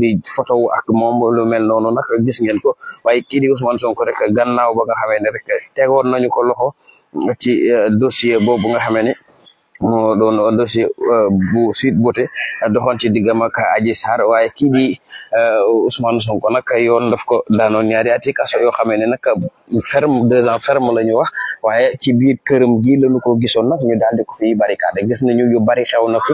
di photo ak moom lu mel noonu nag gis ngeen ko waaye kii di Ousmane Sonko rek gannaaw ba nga xamee ne rek tegoon nañu ko loxo ci euh, dossier boobu nga xamee moo doon dossier euh, bu Sweet Beauté euh, doxoon ci diggam ak Adji Sarr waaye kii di euh, Ousmane Sonko nag yoon daf ko daanoon ñaari ati kaso yoo xamee ne nag ferme deux ans ferme la ñu wax waaye ci biir kër gi lañu ko gisoon nag ñu daal di ko fi barricade gis nañu yu bari xew na fi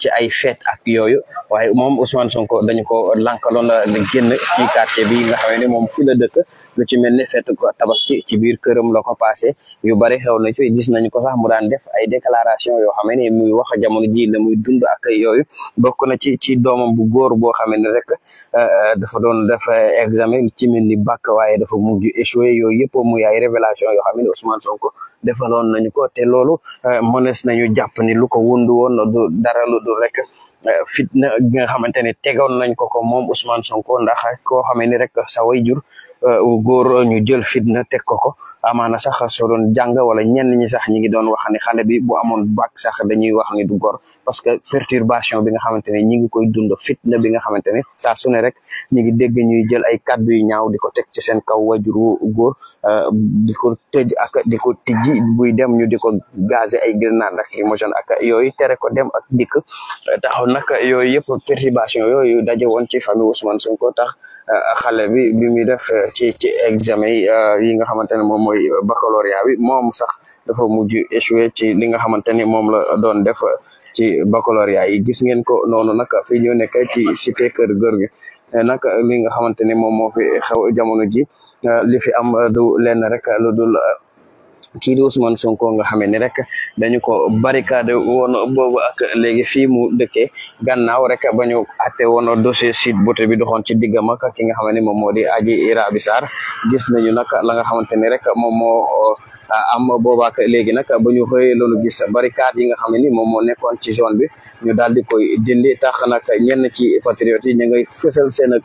ci ay fet ak yooyu waaye moom Ousmane Sonko dañu ko lankaloon génn ci quartier bi nga xamee ne moom fi la dëkk lu ci mel ne feetu ko tabaski ci biir këram la ko yu bari xew na ci nañ ko sax mu daan def ay déclaration yoo xam ne muy wax jamono ji la muy dund ak yooyu bokk na ci ci doomam bu góor boo xam ne rek euh, dafa doon def euh, examen ci mel ni bak waaye dafa mujj échoué yooyu yëpp muy ay révélation yoo xam ne Ousmane Sonko defaloon nañu ko te loolu euh, mënees nañu jàpp ni lu ko wundu woon du dara lu dul rek fitna gi nga xamante ne tegoon nañ ko ko moom Ousmane Sonko ndax ko xam ne góor ñu jël fitna teg ko ko amaana sax soo doon jàng wala ñenn ñi sax ñi ngi doon wax ne xale bi bu amoon bac sax dañuy wax ni du góor parce que perturbation bi nga xamante ne ñi ngi koy dund fitna bi nga xamante ne saa su ne rek ñi ngi dégg ñuy jël ay kàddu yu ñaaw di ko teg ci seen kaw wajuru góor euh, di ko ak di ko tijji buy dem ñu di ko gazé ay grenade ak lacrymogène ak yooyu tere ko dem ak dikk taxaw nag yooyu yëpp perturbation yooyu daje woon ci famille Ousmane Sonko tax euh, xale bi bi muy def euh, examen euh, yi nga xamante ne moom mooy baccalauréat bi moom sax dafa mujj échoué ci li nga xamante ne moom la doon def ci baccalauréat yi gis ngeen ko noonu nag fii ñu nekk ci cité kër góor gi nag li nga xamante ne moom moo fi xew jamono ji euh, li fi am du lenn rek lu dul kii di Ousmane Sonko nga xamee ni rek dañu ko barricade woon boobu ak léegi fii mu dëkkee gannaaw rek ba ñu atte woon dossier Sweet Beauté bi doxoon ci diggam ak ki nga xam ne moom moo di Adji Raby Sarr gis nañu nag la nga xamante ni rek moom moo am boobaak léegi nag ba ñu xëyee loolu gis barricade yi nga xam ni moom moo nekkoon ci zone bi ñu daal di koy dindi tax nag ñenn ci patriotes yi ñu ngay fësal seen ak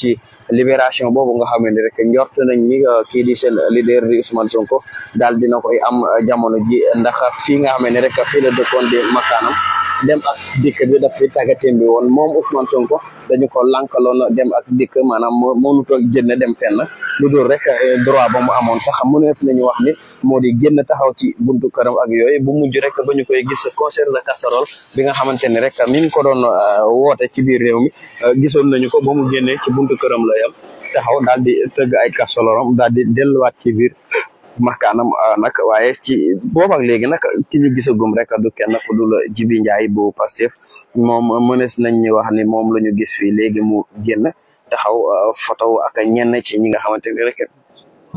ci libération boobu nga xam ne rek njort nañ ni euh, kii di seen leader di Ousmane Sonko daal dina koy am jamono ji ndax fii nga xam ne rek fii la dëkkoon di makaanam dem ak dikk bi daf fi tàggatin bi woon moom Ousmane ko dañu ko lankaloon dem ak dikk maanaam mënut a génn dem fenn lu dul rek eh, droit ba mu amoon sax mu nees nañu wax ni moo di génn taxaw ci buntu këram ak yooyu bu mujj rek ba ñu koy gis concert de casserole bi nga xamante ni rek mi ngi ko doon eh, woote ci biir réew mi eh, gisoon nañu ko ba mu génnee ci buntu këram la yam taxaw daal di tëgg ay casserole daal di delluwaat ci biir. maxkaanam ah, nag waaye ci boobaak léegi nag ki ñu gisagum rek du kenn ku dul Jibi Njaay bu Pastef moom mënees nañ wax ni moom la ñu gis fii léegi mu génn taxaw fotow ah, ak ñenn ci ñi nga xamante ni rek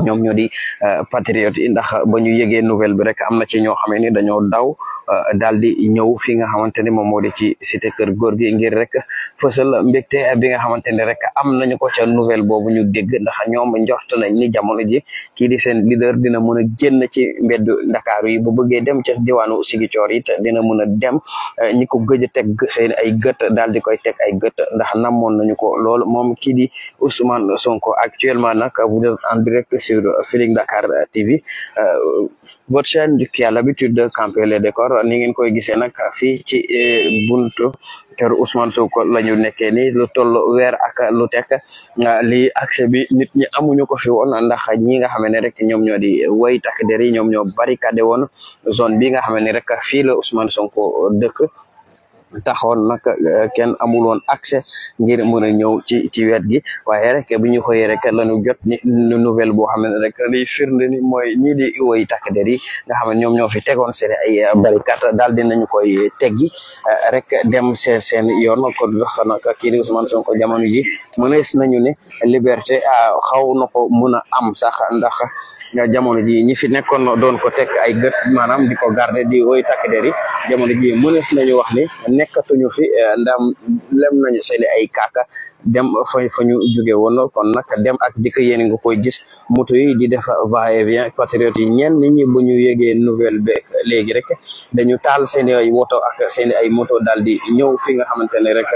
ñoom ñoo di ah, patriote yi ndax ba ñu yëgee nouvelle bi rek am na ci ñoo xamee ni dañoo daw Eh, daal di ñëw fi nga xamante ni moom moo di ci cité kër góor gi ngir rek fësal mbégte bi nga xamante ni rek am nañu ko ca nouvelle boobu ñu dégg ndax ñoom njort na ni jamono ji kii di seen leader dina mën a génn ci mbeddu ndakaaru yi bu bëggee dem ca diwaanu Sigicoor it dina mën a dem eh, ñi ko gëj a teg seen ay gët daal di koy teg ay gët ndax namoon nañu ko lool moom kii di Ousmane Sonko actuellement nag vous êtes en direct sur Feeling Dakar TV eh, votre chaîne qui a l'habitude de camper ni ngeen koy gisee nag fii ci eh, buntu kër Ousmane Sonko la ñu nekkee ni lu toll weer ak lu tekk lii accès bi nit ñi amuñu ko fi woon ndax ñi nga xam ne rek ñoom ñoo di way takk der yi ñoom ñoo barricadé woon zone bi nga xam ne rek fii la Ousmane Sonko dëkk taxoon nag eh, kenn amuloon accès ngir mën a ñëw ci ci wet gi waaye rek bi ñu xëyee rek lañu jot ni nouvelle boo xam ne rek liy firnde ni mooy ñii di woy takk der yi nga xam ne ñoom ñoo fi tegoon seen ay barricade daal nañu koy teggi eh, rek dem seen seen yoon kon wax nag kii di Ousmane Sonko jamono ji mënees nañu ne liberté ah, xaw na ko mën a am sax ndax jamono ji ñi fi nekkoon doon ko teg ay gët maanaam di ko garder di woy takk der yi jamono ji nañu wax ni nekkatuñu fi eh, ndam lem nañu seeni ay kaaka dem fa fa ñu jóge woon kon nag dem ak dikk yéen nga koy gis moto yi di def va-et-vient yi ñenn ñi bu ñu yégee nouvelle ba léegi rek dañu taal seeni ay woto ak seeni ay moto daal di ñëw fi nga xamante ne rek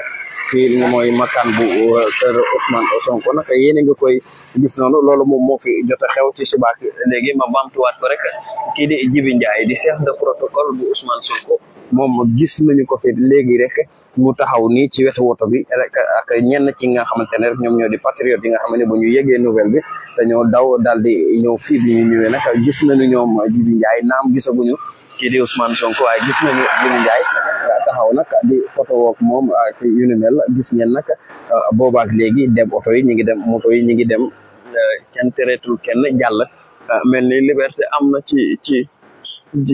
fii mooy makaan bu eh, kër Ousmane Sonko nag yéen nga koy gis noonu loolu moom moo fi jot a xew ci subaak léegi ma bamtuwaat ko rek kii di Jibi Ndiaye di chef de protocole bu Ousmane Sonko moom gis nañu ko fi léegi rek mu taxaw nii ci wetu woto bi rek ak ñenn ci nga xamante ne rek ñoom ñoo di patriote yi nga xam ne bu ñu yegee nouvelle bi dañoo daw daal di ñëw fii bi ñu ñëwee nag gis nañu ñoom Jibi Ndiaye naam gisaguñu kii di waaye gis nañu Jibi Ndiaye taxaw nag di photo wook moom ak gis ngeen nag euh, boobaak léegi dem oto yi ñu ngi dem moto yi ñu ngi dem euh, kenn tereetul kenn jàll euh, mel ni liberté am na ci ci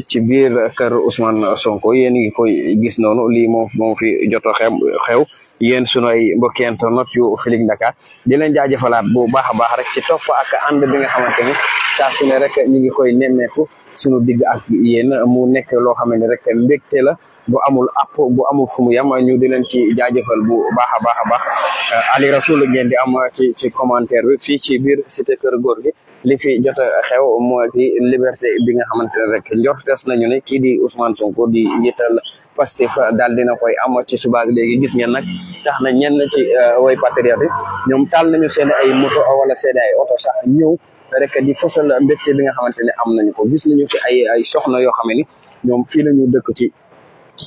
ci biir kër Ousmane Sonko yéen ngi koy gis noonu lii moom moom fi joto xew xew yéen sunu ay mbokki internet yu Feeling Dakar di leen jaajëfalaat bu baax a baax rek ci topp ak ànd bi nga xamante ni saa su rek ñu ngi koy nemmeeku sunu digg ak yéen mu nekke loo xam ne rek mbégte la bu amul app bu amul fu mu yam ñu di leen ci jaajëfal bu baax a baax a baax Ali Rasoul ngeen di am ci ci commentaire bi fii ci biir cité kër góor gi. li fi jot a xew mooy ki liberté bi nga xamante ne rek njortees nañu ne kii di Ousmane Sonko di njiital Pastef daal dina koy am ci subaag léegi gis ngeen nag tax na ñenn ci euh, way patriote yi ñoom taal nañu seen ay moto wala seen ay oto sax ñëw rek di a mbégte bi nga xamante ne am nañu ko gis nañu fi ay ay soxna yoo xam ne ñoom fii la dëkk ci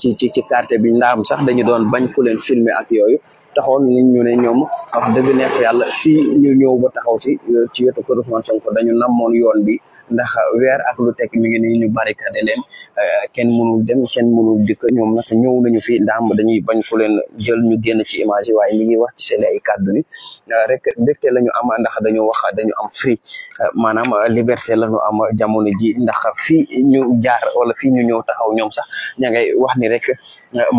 ci ci ci quartier bi ndaam sax dañu doon bañ ku leen filmer ak yooyu taxoon nit ñu ne ñoom wax dëgg neex yàlla fii ñu ñëw ba taxaw si euh, ci wetu kër Ousmane Sonko dañu namoon yoon bi ndax weer ak lu teg mi ngi nii ñu barricade leen euh, kenn munu dem kenn mënul dikk ñoom ñëw nañu fi ndam dañuy bañ ko leen jël ñu génn ci image waaye ñi ngi wax ci seen ay kàddu ni euh, rek mbégte la ñu am ndax dañu wax dañu am free maanaam liberté la ñu am jamono ji ndax fii ñu jaar wala fii ñu ñëw taxaw ñoom sax ña wax ni rek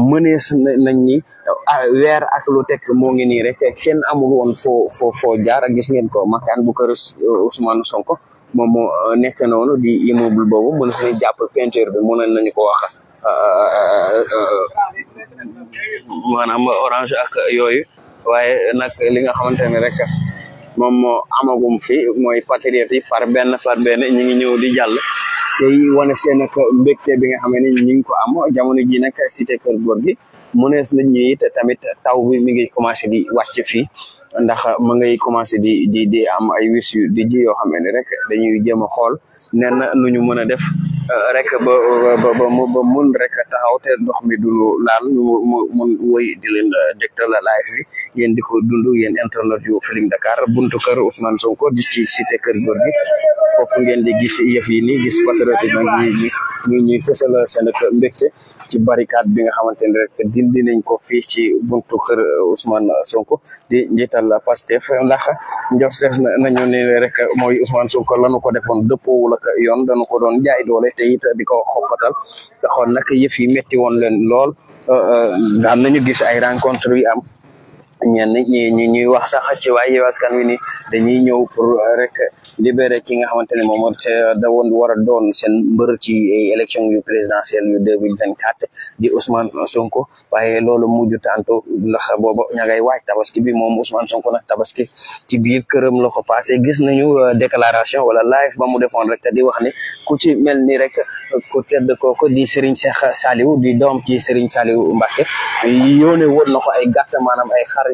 mënees nañ ni ah, weer ak lu teg moo ngi nii rek kenn amul woon foo foo foo jaar gis ngeen ko makaan bu kër Ousmane Sonko moom moo euh, nekk noonu di immeuble boobu mën nañu jàpp peinture bi na nañu ko wax euh, euh, maanaam orange ak yooyu waaye nag li nga xamante ne rek moom moo fi mooy patriote yi par benn par benn ñu ngi ñëw di jàll. tey wane seen ak mbégte bi nga xamee ne ñu ngi ko am jamono ji nag cité kër góor gi mënees nañ ñu it tamit taw bi mi ngi commencé di wàcc fii ndax ma ngay commencé di di di am ay wis yu di ji yoo xam ne rek dañuy jéem a xool nen nu ñu mën a def euh, rek ba ba ba mun rek taxaw te ndox mi du laal ñu mun woy di leen dégtal live bi ngeen di ko dund yéen internet yu Feeling Dakar buntu kër Ousmane Sonko di ci cité kër góor gi foofu ngeen di gis yëf yi nii gis patriote bi ñi ñu ñuy fësal seen mbégte ci barricade bi nga xamante ne rek dindi nañ ko fii ci buntu kër Ousmane Sonko di njiital Pastef ndax sees nañu ne rek mooy Ousmane la lanu ko defoon dëppoowul ak yoon dañu ko doon jaay doole te it di ko xoppatal taxoon nag yëf yi metti woon leen lool daan nañu gis ay rencontre yi am ñenn ñi ñu ñuy wax sax ci waa Yewwi Askan Wi ni dañuy ñëw pour euh, rek libérer ki nga xamante ne moom moo euh, da woon war a doon seen mbër ci euh, élection yu présidentielle yu deux mille vingt quatre di Ousmane Sonko waaye loolu mujj tantôt ndax booba ña ngay waaj tabaski bi moom Ousmane Sonko nag tabaski ci biir këram la ko gis nañu déclaration wala live ba mu defoon rek te di wax ni ku ci mel ni rek ku tedd kooku di Serigne Cheikh Saliou di doom ci Serigne Saliou Mbacké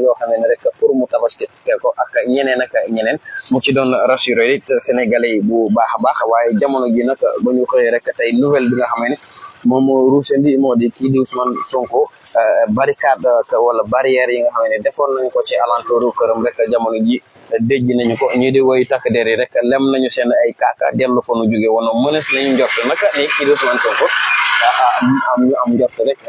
yoo xam ne rek pour mu tabaski ko ak ñeneen ak ñeneen mu ci doon rassurer it sénégalais yi bu baax a baax waaye jamono ji nag ba ñu xëyee rek tey nouvelle bi nga xam ne moom moo ruusandi moo di kii di Ousmane Sonko euh, barricade wala barrière yi nga xam ne defoon nañ ko ci alentouru këram rek jamono ji déj nañu ko ñii di woy takk der yi rek lem nañu seen ay kaaka dellu fa nu jóge woon mënees nañu njort nag ni kii di Ousmane am ñu am njort rek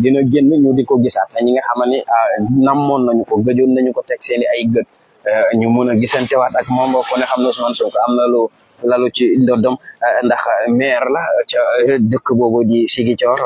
dina génn ñu di ko gisaat ñi nga xam ne ah, namoon nañu ko gëjoon nañu ko teg ni ay gët eh, ñu mun a gisantewaat ak moom ko ne xam ne Ousmane Sonko am na lu lalu ci ndoddom eh, ndax maire la ca eh, dëkk boobu di Ziguinchor